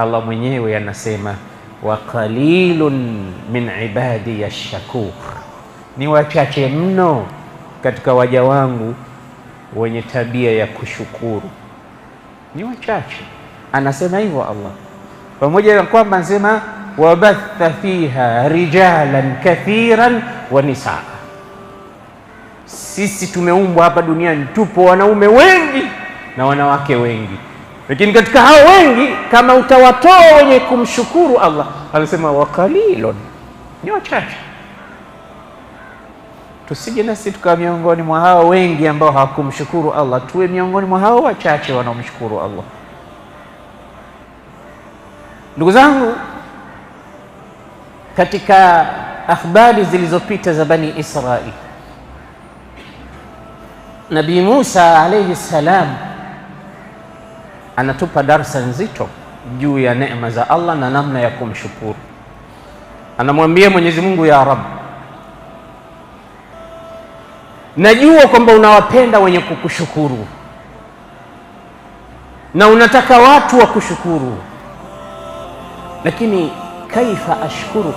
Allah mwenyewe anasema wa qalilun min ibadi ya shakur, ni wachache mno katika waja wangu wenye tabia ya kushukuru, ni wachache. Anasema hivyo Allah, pamoja na kwamba anasema wabatha fiha rijalan kathiran wa nisaa. Sisi tumeumbwa hapa duniani, tupo wanaume wengi na wanawake wengi lakini katika hao wengi, kama utawatoa wenye kumshukuru Allah, anasema wakalilun, ni wachache. Tusije nasi tukawa miongoni mwa hao wengi ambao hawakumshukuru Allah, tuwe miongoni mwa hao wachache wanaomshukuru Allah. Ndugu zangu, katika akhbari zilizopita za Bani Israili, Nabii Musa alaihi salam anatupa darsa nzito juu ya neema za Allah na namna ya kumshukuru. Anamwambia Mwenyezi Mungu, ya Rabb, najua kwamba unawapenda wenye kukushukuru na unataka watu wa kushukuru, lakini kaifa ashkuruk,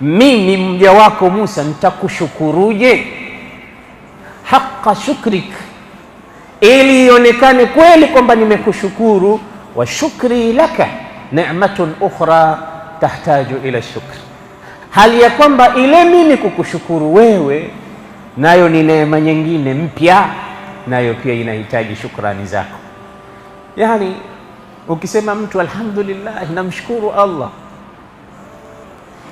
mimi mja wako Musa nitakushukuruje? haqa shukrik ili ionekane kweli kwamba nimekushukuru. Wa shukri laka ni'matun ukhra tahtaju ila shukri, hali ya kwamba ile mimi kukushukuru wewe nayo ni neema nyingine mpya, nayo pia inahitaji shukrani zako. Yani ukisema mtu alhamdulillah, namshukuru Allah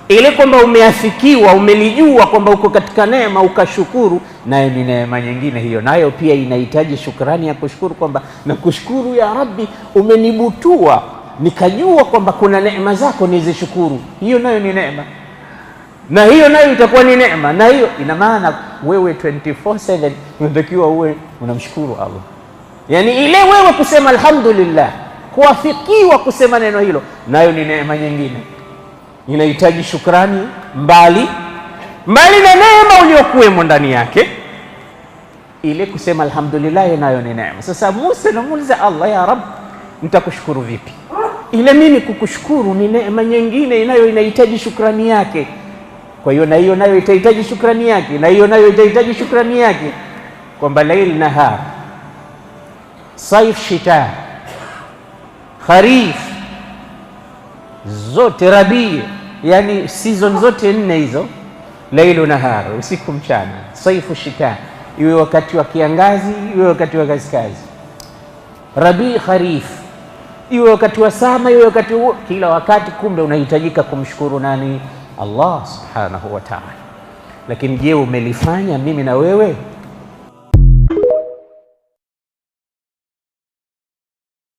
ile kwamba umeafikiwa, umelijua kwamba uko katika neema, ukashukuru, nayo ni neema nyingine hiyo, nayo pia inahitaji shukrani ya kushukuru, kwamba nakushukuru ya Rabbi, umenibutua nikajua kwamba kuna neema zako nizishukuru. Hiyo nayo ni neema, na hiyo nayo itakuwa ni neema, na hiyo ina maana wewe 24/7 unatakiwa uwe unamshukuru Allah, yani ile wewe kusema alhamdulillah, kuafikiwa kusema neno hilo, nayo ni neema nyingine inahitaji shukrani mbali mbali na neema uliokuwemo ndani yake. Ile kusema alhamdulillah nayo ni neema. Sasa Musa anamuuliza Allah, ya Rabb, nitakushukuru vipi? Ile mimi kukushukuru ni neema nyingine inayo inahitaji shukrani yake. Kwa hiyo na hiyo nayo itahitaji shukrani yake, na hiyo nayo itahitaji shukrani yake, kwamba lail nahar, saif shita, kharif, zote rabii yani season zote nne hizo, lailu nahar, usiku mchana, saifu shita, iwe wakati wa kiangazi, iwe wakati wa kaskazi, rabi kharif, iwe wakati wa sama, iwe wakati wa kila wakati kumbe unahitajika kumshukuru nani? Allah subhanahu wa ta'ala. Lakini je, umelifanya mimi na wewe?